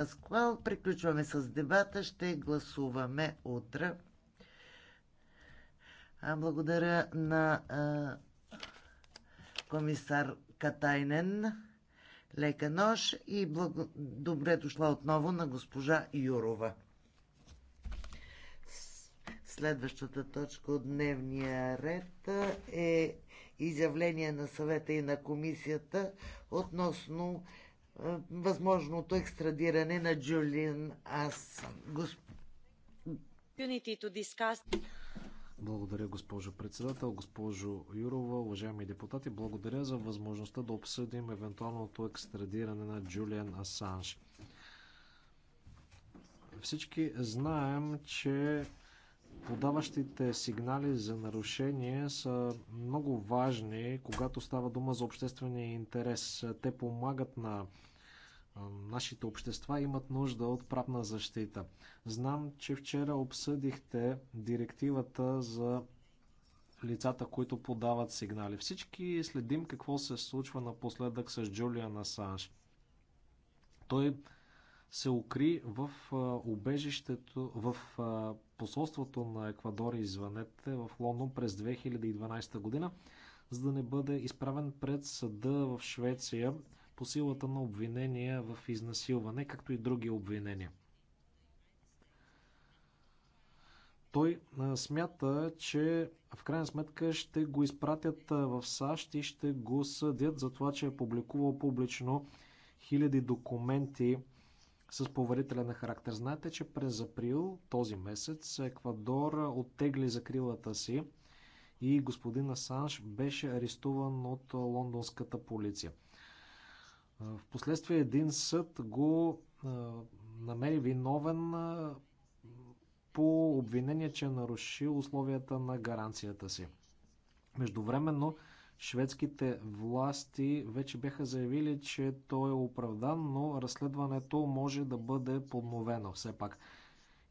Пасквал. Приключваме с дебата. Ще гласуваме утре. А благодаря на а, комисар Катайнен. Лека нощ и благо... добре дошла отново на госпожа Юрова. Следващата точка от дневния ред е изявление на съвета и на комисията относно възможното екстрадиране на Джулиан Асан. Госп... Благодаря, госпожо председател, госпожо Юрова, уважаеми депутати. Благодаря за възможността да обсъдим евентуалното екстрадиране на Джулиан Асанж. Всички знаем, че подаващите сигнали за нарушение са много важни, когато става дума за обществения интерес. Те помагат на нашите общества имат нужда от правна защита. Знам, че вчера обсъдихте директивата за лицата, които подават сигнали. Всички следим какво се случва напоследък с Джулиан Асанж. Той се укри в убежището, в посолството на Еквадор, извънете, в Лондон през 2012 година, за да не бъде изправен пред съда в Швеция по силата на обвинения в изнасилване, както и други обвинения. Той смята, че в крайна сметка ще го изпратят в САЩ и ще го съдят за това, че е публикувал публично хиляди документи с поверителен характер. Знаете, че през април този месец Еквадор оттегли закрилата си и господин Асанж беше арестуван от лондонската полиция. Впоследствие един съд го намери виновен по обвинение, че е нарушил условията на гаранцията си. Междувременно Шведските власти вече бяха заявили, че той е оправдан, но разследването може да бъде подновено все пак.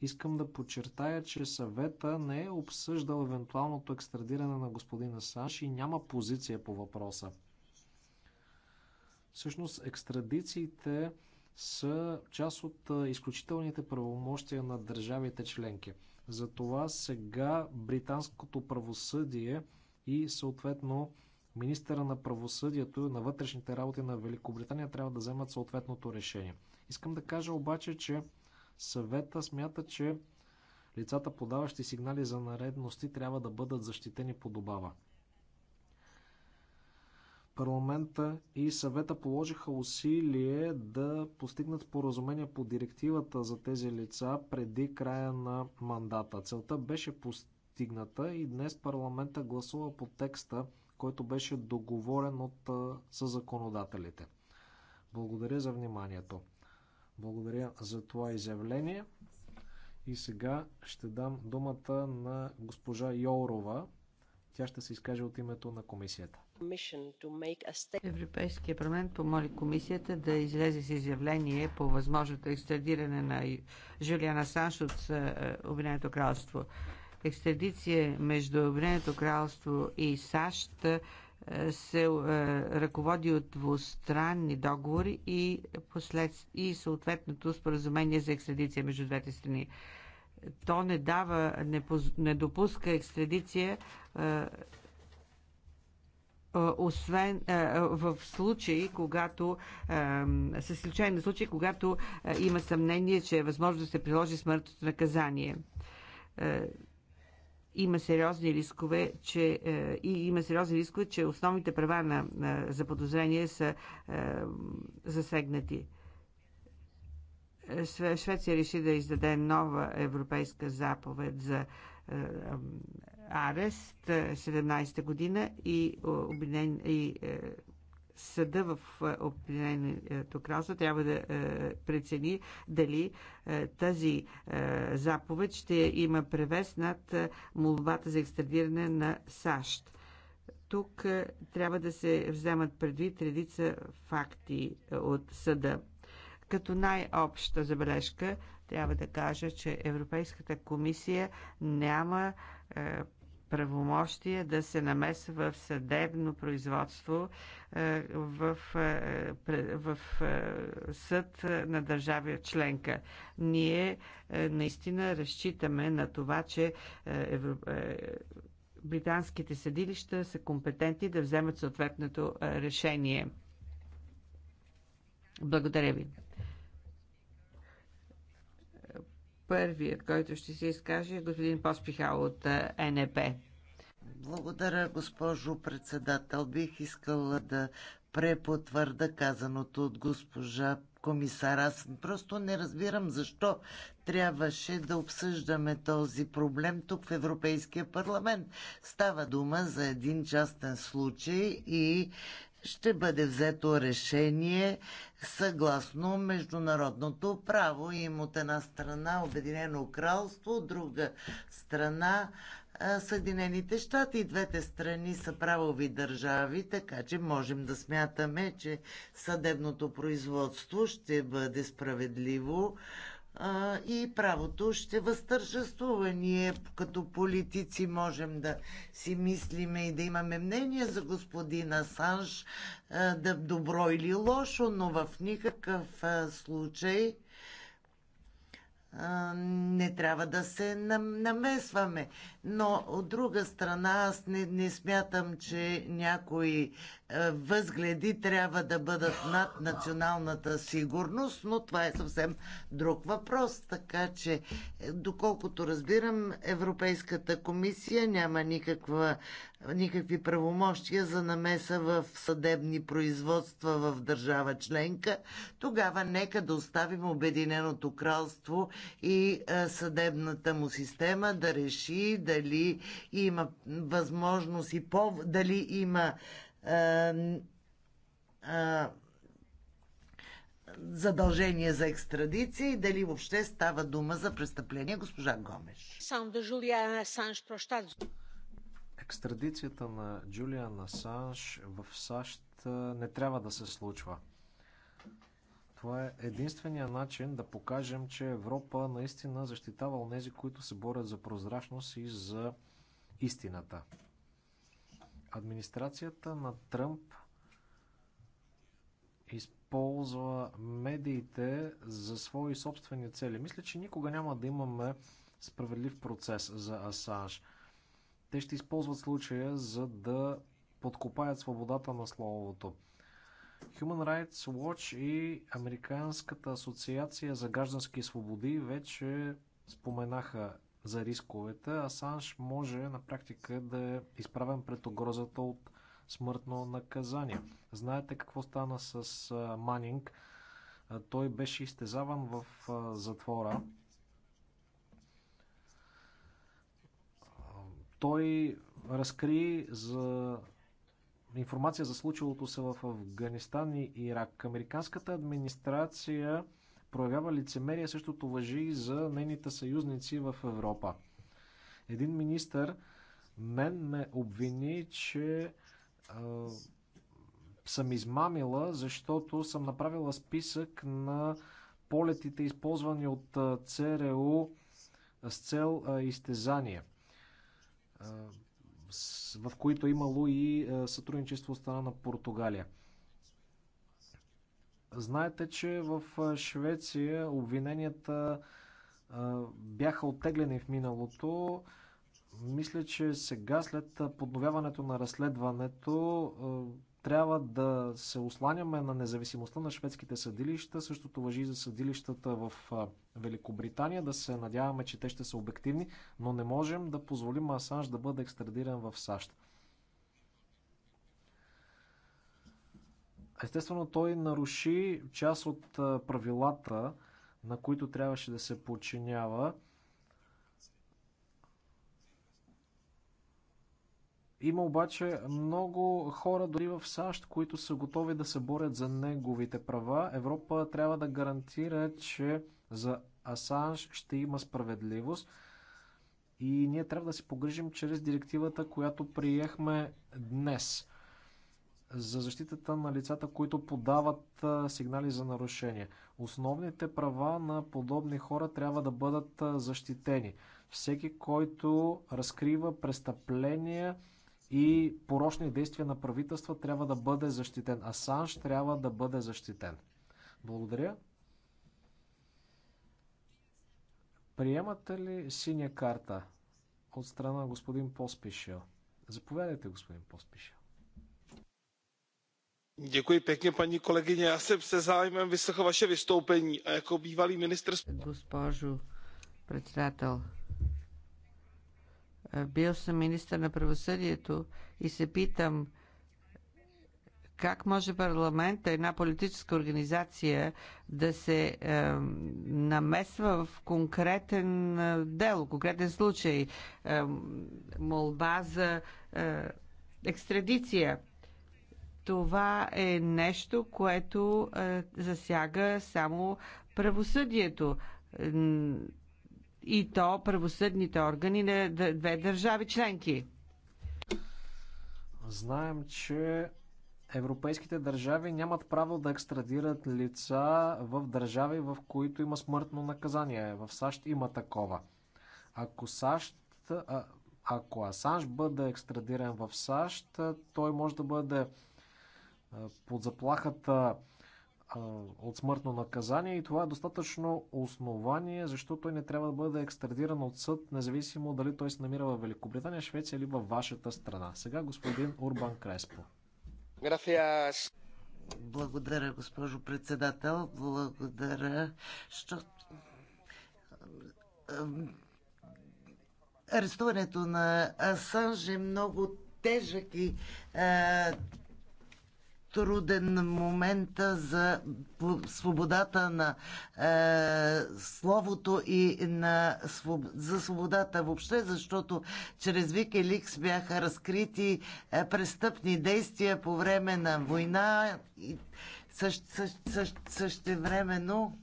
Искам да подчертая, че съвета не е обсъждал евентуалното екстрадиране на господина Асанш и няма позиция по въпроса. Всъщност екстрадициите са част от изключителните правомощия на държавите членки. Затова сега британското правосъдие и съответно министъра на правосъдието и на вътрешните работи на Великобритания трябва да вземат съответното решение. Искам да кажа обаче, че съвета смята, че лицата подаващи сигнали за наредности трябва да бъдат защитени по добава. Парламента и съвета положиха усилие да постигнат споразумение по директивата за тези лица преди края на мандата. Целта беше постигната и днес парламента гласува по текста който беше договорен от законодателите. Благодаря за вниманието. Благодаря за това изявление. И сега ще дам думата на госпожа Йорова. Тя ще се изкаже от името на комисията. Европейския парламент помоли комисията да излезе с изявление по възможното екстрадиране на Жулиана Санш от Обединеното кралство екстрадиция между Обединеното кралство и САЩ е, се е, ръководи от двустранни договори и, послед... и съответното споразумение за екстрадиция между двете страни. То не дава, не, поз... не допуска екстрадиция е, освен в случаи, когато с изключение на случаи, когато има съмнение, че е възможно да се приложи смъртното наказание има сериозни рискове, че, е, и има сериозни рискове, че основните права на, на за подозрение са е, засегнати. Швеция реши да издаде нова европейска заповед за е, арест 17 та година и, обвинен, и съда в е, определеното кралство трябва да е, прецени дали е, тази заповед ще има превес над молбата за екстрадиране на САЩ. Тук трябва да се вземат предвид редица факти от съда. Като най-обща забележка трябва да кажа, че Европейската комисия няма правомощия да се намесва в съдебно производство е, в, е, в е, съд на държава членка. Ние наистина разчитаме на това, че британските съдилища са компетентни да вземат съответното решение. Благодаря ви. Първият, който ще се изкаже, е господин Поспихал от НП. Благодаря, госпожо председател. Бих искала да препотвърда казаното от госпожа комисар. Аз просто не разбирам защо трябваше да обсъждаме този проблем тук в Европейския парламент. Става дума за един частен случай и ще бъде взето решение съгласно международното право. Им от една страна Обединено кралство, от друга страна Съединените щати. И двете страни са правови държави, така че можем да смятаме, че съдебното производство ще бъде справедливо и правото ще възтържествува. Ние като политици можем да си мислиме и да имаме мнение за господин Асанж, да добро или лошо, но в никакъв случай не трябва да се намесваме. Но от друга страна, аз не, не смятам, че някои е, възгледи трябва да бъдат над националната сигурност, но това е съвсем друг въпрос. Така че, е, доколкото разбирам, Европейската комисия няма никаква, никакви правомощия за намеса в съдебни производства в държава членка. Тогава нека да оставим Обединеното кралство и е, съдебната му система да реши дали има възможност и пов... дали има а, а, задължение за екстрадиция и дали въобще става дума за престъпление, госпожа Гомеш. Екстрадицията на Джулиан Асанж в САЩ не трябва да се случва. Това е единствения начин да покажем, че Европа наистина защитава онези, които се борят за прозрачност и за истината. Администрацията на Тръмп използва медиите за свои собствени цели. Мисля, че никога няма да имаме справедлив процес за Асанж. Те ще използват случая, за да подкопаят свободата на словото. Human Rights Watch и Американската асоциация за граждански свободи вече споменаха за рисковете. Асанж може на практика да е изправен пред угрозата от смъртно наказание. Знаете какво стана с Манинг? Той беше изтезаван в затвора. Той разкри за информация за случилото се в Афганистан и Ирак. Американската администрация проявява лицемерие, същото въжи и за нейните съюзници в Европа. Един министър мен ме обвини, че е, съм измамила, защото съм направила списък на полетите, използвани от ЦРУ с цел е, изтезание в които е имало и е, сътрудничество от страна на Португалия. Знаете, че в е, Швеция обвиненията бяха оттеглени в миналото. Мисля, че сега, след подновяването на разследването, трябва да се осланяме на независимостта на шведските съдилища. Същото въжи и за съдилищата в Великобритания. Да се надяваме, че те ще са обективни, но не можем да позволим Асанж да бъде екстрадиран в САЩ. Естествено, той наруши част от правилата, на които трябваше да се подчинява. Има обаче много хора, дори в САЩ, които са готови да се борят за неговите права. Европа трябва да гарантира, че за Асанж ще има справедливост. И ние трябва да се погрижим чрез директивата, която приехме днес за защитата на лицата, които подават сигнали за нарушение. Основните права на подобни хора трябва да бъдат защитени. Всеки, който разкрива престъпления, и порочни действия на правителства трябва да бъде защитен. Асанж трябва да бъде защитен. Благодаря. Приемате ли синя карта от страна господин Поспишел? Заповядайте, господин Поспишел. Děkuji pěkně, paní kolegyně. Já jsem se zájmem vyslechl vaše vystoupení a jako bývalý ministr... Госпожо председател, е, бил съм министър на правосъдието и се питам как може парламента, една политическа организация, да се е, намесва в конкретен е, конкретен случай, е, молба за е, екстрадиция. Това е нещо, което е, засяга само правосъдието и то правосъдните органи на две държави членки. Знаем, че европейските държави нямат право да екстрадират лица в държави, в които има смъртно наказание. В САЩ има такова. Ако САЩ. ако Асанж бъде екстрадиран в САЩ, той може да бъде под заплахата от смъртно наказание и това е достатъчно основание, защото той не трябва да бъде екстрадиран от съд, независимо дали той се намира в Великобритания, Швеция или във вашата страна. Сега господин Урбан Креспо. Графиас. Благодаря, госпожо председател. Благодаря, що... арестуването на Асанж е много тежък и а, труден момент за свободата на е, словото и на, за свободата въобще, защото чрез Викеликс бяха разкрити е, престъпни действия по време на война и също същ, същ, същевременно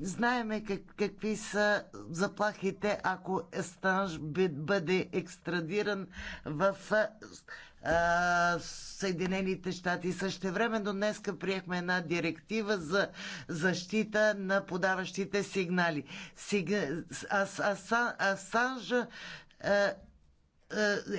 Знаеме как, какви са заплахите, ако Естанж бъде екстрадиран в Съединените щати. Същевременно днеска приехме една директива за защита на подаващите сигнали. Сиг... а, а, Асанж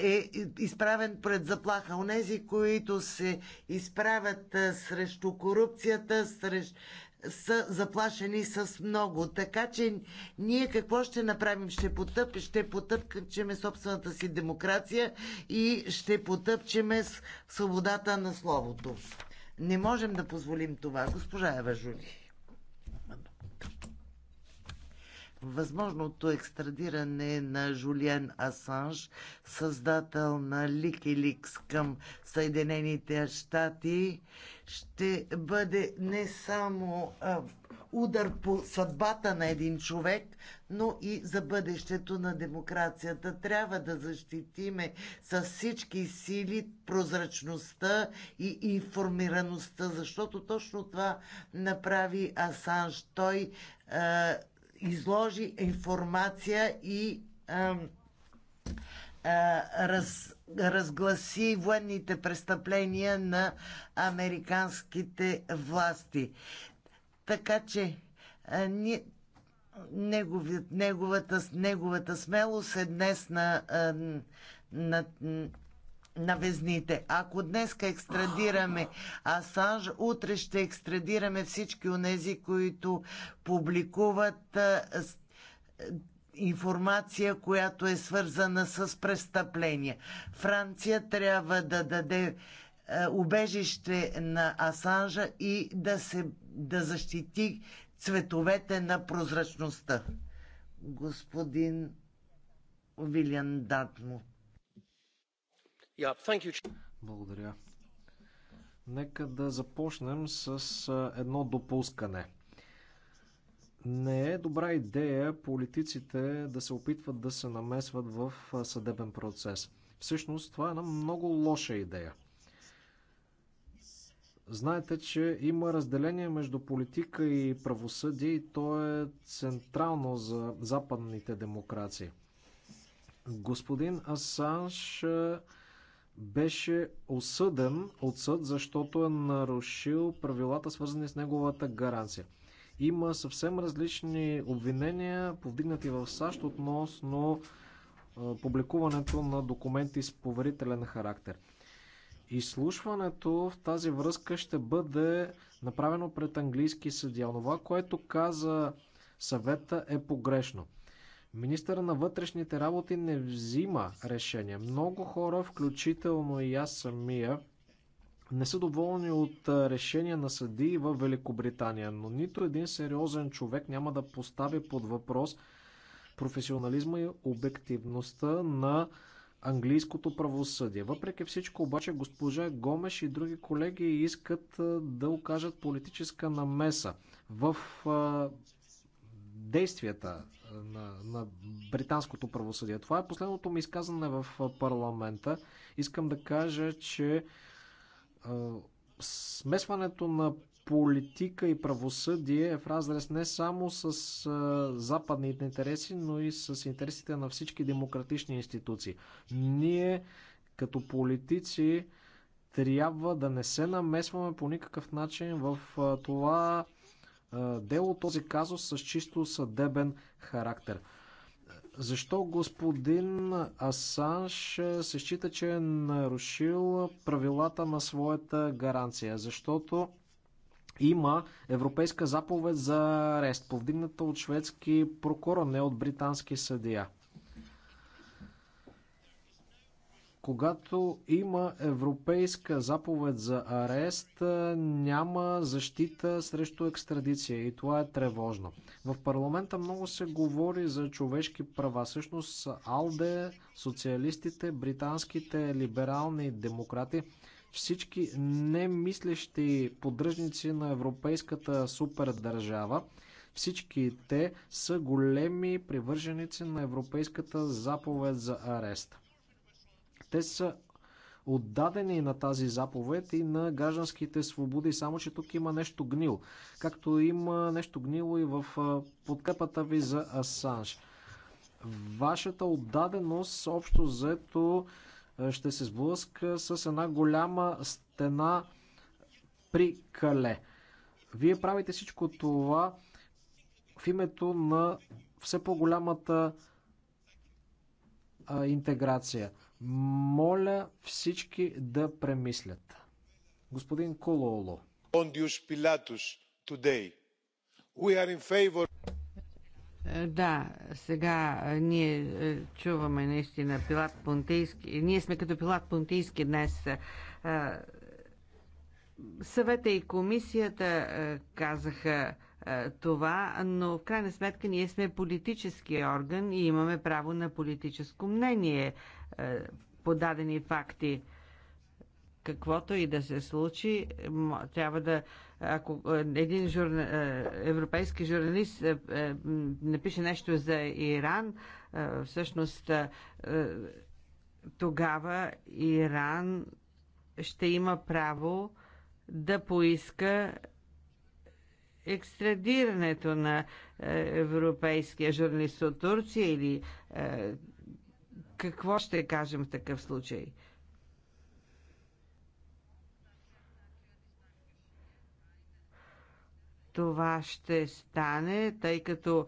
е изправен пред заплаха. Онези, които се изправят срещу корупцията, срещу са заплашени с много. Така че ние какво ще направим? Ще, потъп, ще потъпчеме собствената си демокрация и ще потъпчеме свободата на словото. Не можем да позволим това, госпожа Ева Жули. възможното екстрадиране на Жулиен Асанж, създател на Ликиликс към Съединените щати, ще бъде не само а, удар по съдбата на един човек, но и за бъдещето на демокрацията. Трябва да защитиме с всички сили прозрачността и информираността, защото точно това направи Асанж. Той е, изложи информация и а, а, раз, разгласи военните престъпления на американските власти. Така че а, ни, неговата, неговата смелост е днес на, на, на на везните. Ако днес екстрадираме Асанж, утре ще екстрадираме всички тези, които публикуват е, информация, която е свързана с престъпления. Франция трябва да даде е, убежище на Асанжа и да, се, да защити цветовете на прозрачността. Господин Вилиан Дартмут. Благодаря. Нека да започнем с едно допускане. Не е добра идея политиците да се опитват да се намесват в съдебен процес. Всъщност това е една много лоша идея. Знаете, че има разделение между политика и правосъдие и то е централно за западните демокрации. Господин Асанш беше осъден от съд, защото е нарушил правилата, свързани с неговата гаранция. Има съвсем различни обвинения, повдигнати в САЩ относно публикуването на документи с поверителен характер. Изслушването в тази връзка ще бъде направено пред английски съдия. Онова, което каза съвета е погрешно. Министъра на вътрешните работи не взима решение. Много хора, включително и аз самия, не са доволни от решения на съдии в Великобритания, но нито един сериозен човек няма да постави под въпрос професионализма и обективността на английското правосъдие. Въпреки всичко, обаче, госпожа Гомеш и други колеги искат да окажат политическа намеса в действията, на, на британското правосъдие. Това е последното ми изказане в парламента. Искам да кажа, че смесването на политика и правосъдие е в разрез не само с а, западните интереси, но и с интересите на всички демократични институции. Ние като политици трябва да не се намесваме по никакъв начин в а, това дело, този казус с чисто съдебен характер. Защо господин Асанш се счита, че е нарушил правилата на своята гаранция? Защото има европейска заповед за арест, повдигната от шведски прокурор, не от британски съдия. когато има европейска заповед за арест, е, няма защита срещу екстрадиция и това е тревожно. В парламента много се говори за човешки права. Всъщност АЛДЕ, социалистите, британските либерални демократи, всички немислещи поддръжници на европейската супердържава, всички те са големи привърженици на европейската заповед за арест. Те са отдадени на тази заповед и на гражданските свободи, само че тук има нещо гнило. Както има нещо гнило и в подкрепата ви за Асанж. Вашата отдаденост, общо взето, ще се сблъска с една голяма стена при Кале. Вие правите всичко това в името на все по-голямата интеграция. Моля всички да премислят. Господин Кололо. Пондиус Пилатус, today. We are in favor... Да, сега ние чуваме наистина Пилат Понтийски. Ние сме като Пилат Понтийски днес. Съвета и комисията казаха това, но в крайна сметка ние сме политически орган и имаме право на политическо мнение. Е, подадени факти. Каквото и да се случи, трябва да. Ако е, един журна, е, европейски журналист напише нещо за Иран, всъщност тогава Иран ще има право да поиска екстрадирането на европейския журналист от Турция или какво ще кажем в такъв случай? Това ще стане, тъй като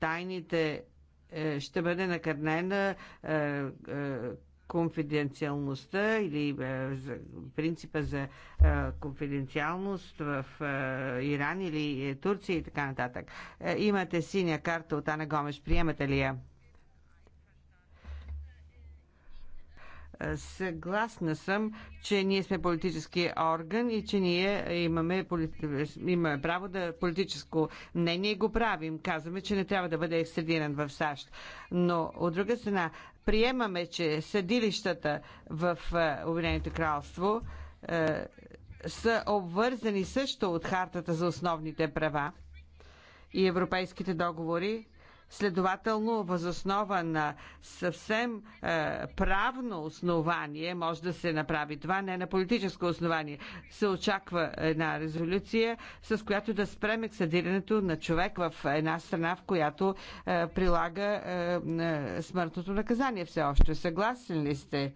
тайните е, ще бъде накърнена е, е, конфиденциалността или принципа за конфиденциалност в Иран или Турция и така нататък. Имате синя карта от Ана Гомеш. Приемате ли я? Съгласна съм, че ние сме политически орган и че ние имаме, полит... имаме право да политическо мнение го правим. Казваме, че не трябва да бъде екстрадиран в САЩ. Но от друга страна, приемаме, че съдилищата в е, Обединеното кралство е, са обвързани също от хартата за основните права и европейските договори Следователно, възоснова на съвсем е, правно основание може да се направи това, не на политическо основание. Се очаква една резолюция, с която да спрем ексадирането на човек в една страна, в която е, прилага е, е, смъртното наказание все още. Съгласен ли сте?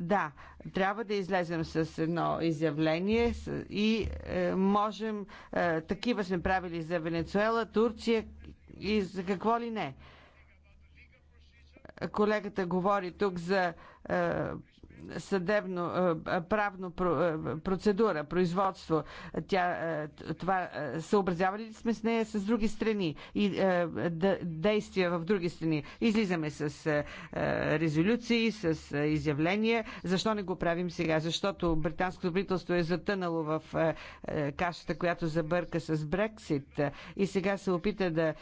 Да, трябва да излезем с едно изявление и е, можем, е, такива сме правили за Венецуела, Турция и за какво ли не. Колегата говори тук за е, съдебно, е, е, правно е, процедура, производство, тя, това, съобразявали ли сме с нея с други страни и действия в други страни? Излизаме с резолюции, с изявления. Защо не го правим сега? Защото британското правителство е затънало в кашата, която забърка с Брексит и сега се опита да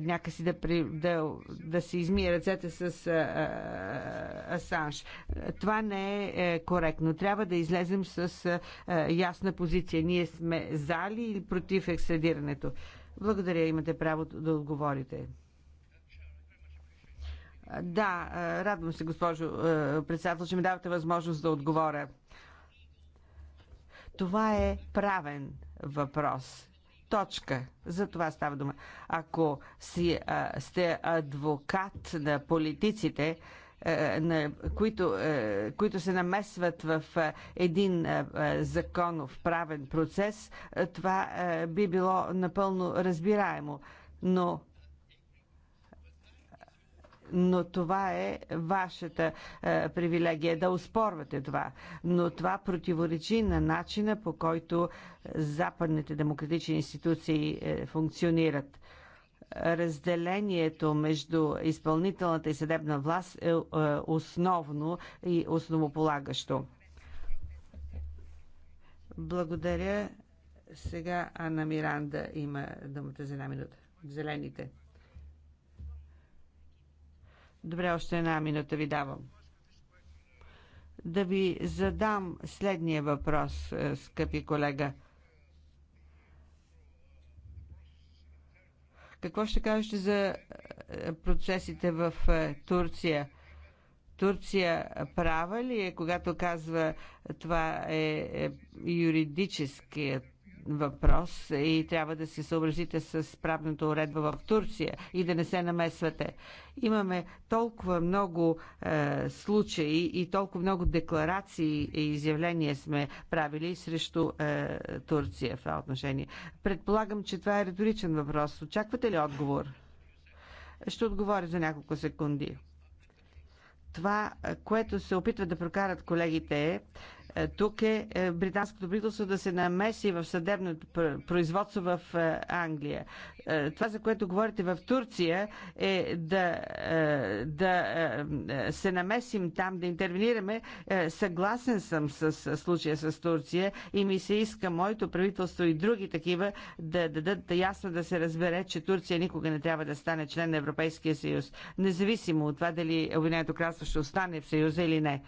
някакси да, да, да се измие ръцете с Асанж. Това не не е, е коректно. Трябва да излезем с е, е, ясна позиция. Ние сме за ли или против екстрадирането? Благодаря, имате право да отговорите. Да, радвам се, госпожо председател, че ми давате възможност да отговоря. Това е правен въпрос. Точка. За това става дума. Ако си, а, сте адвокат на политиците, а, е, на, които, е, които се намесват в е, един законов правен процес, това би било напълно разбираемо. Но но това е вашата привилегия да успорвате това. Но това противоречи на начина по който западните демократични институции функционират разделението между изпълнителната и съдебна власт е, е основно и основополагащо. Благодаря. Сега Анна Миранда има думата за една минута. Зелените. Добре, още една минута ви давам. Да ви задам следния въпрос, е, скъпи колега. Какво ще кажете за е, процесите в е, Турция? Турция права ли е, когато казва това е, е юридическият въпрос и трябва да се съобразите с правната уредба в Турция и да не се намесвате. Имаме толкова много е, случаи и толкова много декларации и изявления сме правили срещу е, Турция в това отношение. Предполагам, че това е риторичен въпрос. Очаквате ли отговор? Ще отговоря за няколко секунди. Това, е, което се опитват да прокарат колегите е, е, тук е, е британското правителство да се намеси в съдебното производство в е, Англия. Това, за което говорите в Турция, е да, да се намесим там, да интервенираме. Съгласен съм с случая с Турция и ми се иска моето правителство и други такива да дадат да, ясно да се разбере, че Турция никога не трябва да стане член на Европейския съюз, независимо от това дали Обединеното кралство ще остане в съюза или не.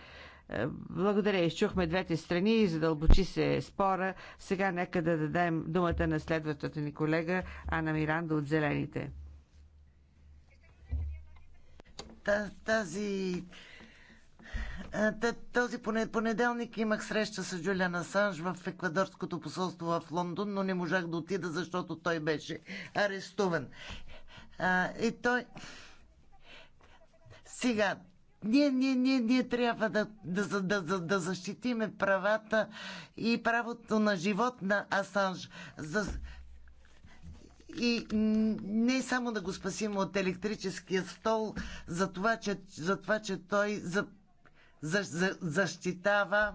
Е, благодаря, изчухме двете страни и задълбочи се спора. Сега нека да дадем думата на следващата ни колега Ана Миранда от Зелените. Тази е, този понеделник имах среща с Джулиан Асанж в еквадорското посолство в Лондон, но не можах да отида, защото той беше арестуван. Е, и той... Сега, ние, ние, ние, ние трябва да, да, да, да, да защитиме правата и правото на живот на Асанж. За... И не само да го спасим от електрическия стол, за това, че, за това, че той за, за, за, защитава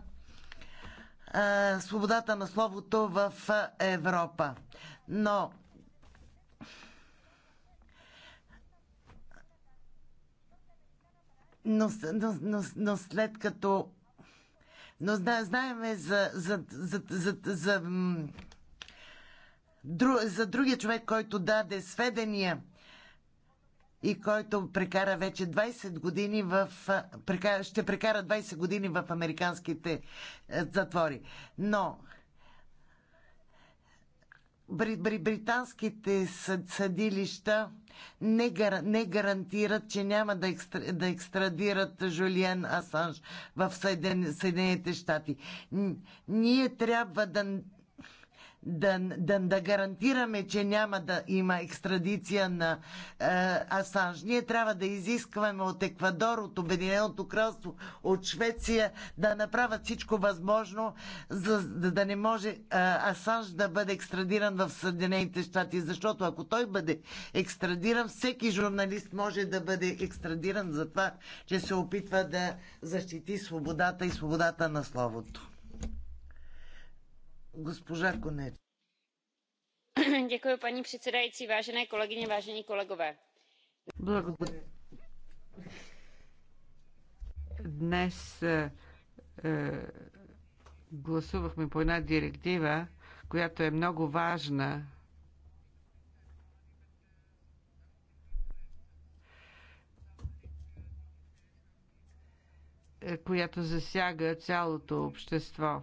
а, свободата на словото в Европа. Но но, но, но, но след като. Но зна, знаеме за, за, за, за, за, за, за другия човек, който даде сведения и който прекара вече 20 години в. Прекара, ще прекара 20 години в американските е, затвори. Но британските съдилища не, гар, не гарантират, че няма да, да екстрадират Жулиен Асанж в Съединените щати. Ние трябва да, да, да, да гарантираме, че няма да има екстрадиция на е, Асанж. Ние трябва да изискваме от Еквадор, от Обединеното кралство, от Швеция да направят всичко възможно, за да, да не може е, Асанж да бъде екстрадиран в Съединените щати, защото ако той бъде екстрадиран, всеки журналист може да бъде екстрадиран за това, че се опитва да защити свободата и свободата на словото paní předsedající, vážené kolegyně, vážení kolegové. dnes Днес е, е, гласувахме по една директива, която е много важна е, която засяга цялото общество.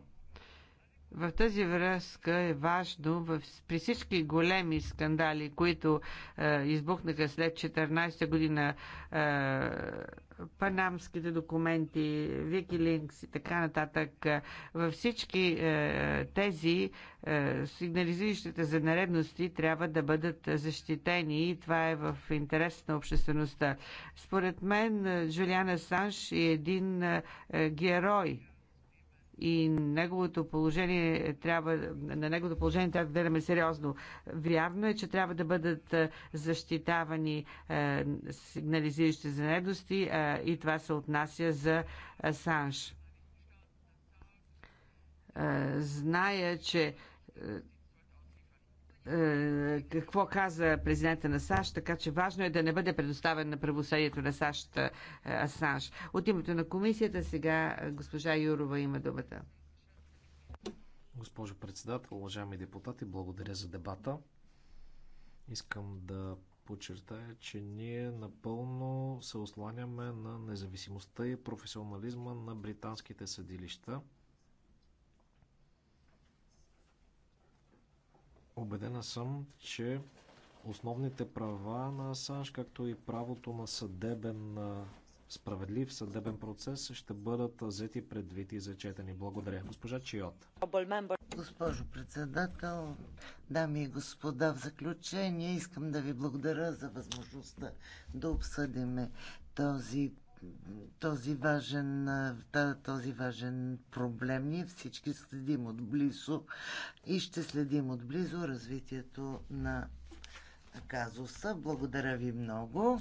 В тази връзка е важно в, при всички големи скандали, които е, избухнаха след 14-та година, е, панамските документи, Викилинкс и така нататък, е, във всички е, тези е, сигнализиращите за наредности трябва да бъдат защитени и това е в интерес на обществеността. Според мен е, Жулиан Санш е един е, герой и неговото положение трябва, на неговото положение трябва да гледаме сериозно. Вярно е, че трябва да бъдат защитавани сигнализиращи за недости и това се отнася за Асанж. Зная, че е, какво каза президента на САЩ, така че важно е да не бъде предоставен на правосъдието на САЩ е, Асанж. От името на комисията сега е, госпожа Юрова има думата. Госпожо председател, уважаеми депутати, благодаря за дебата. Искам да подчертая, че ние напълно се осланяме на независимостта и професионализма на британските съдилища – Обедена съм, че основните права на САЩ, както и правото на съдебен справедлив съдебен процес ще бъдат взети предвид и зачетени. Благодаря. Госпожа Чиот. Госпожо председател, дами и господа, в заключение искам да ви благодаря за възможността да обсъдиме този този важен, този важен проблем. Ние всички следим отблизо и ще следим отблизо развитието на казуса. Благодаря ви много.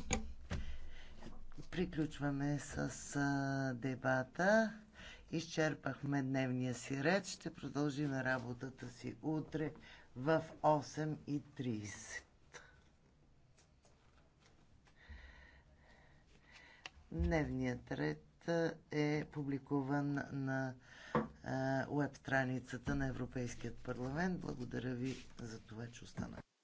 Приключваме с дебата. Изчерпахме дневния си ред. Ще продължим работата си утре в 8.30. Дневният ред е публикуван на уеб страницата на Европейският парламент. Благодаря ви за това, че останахте.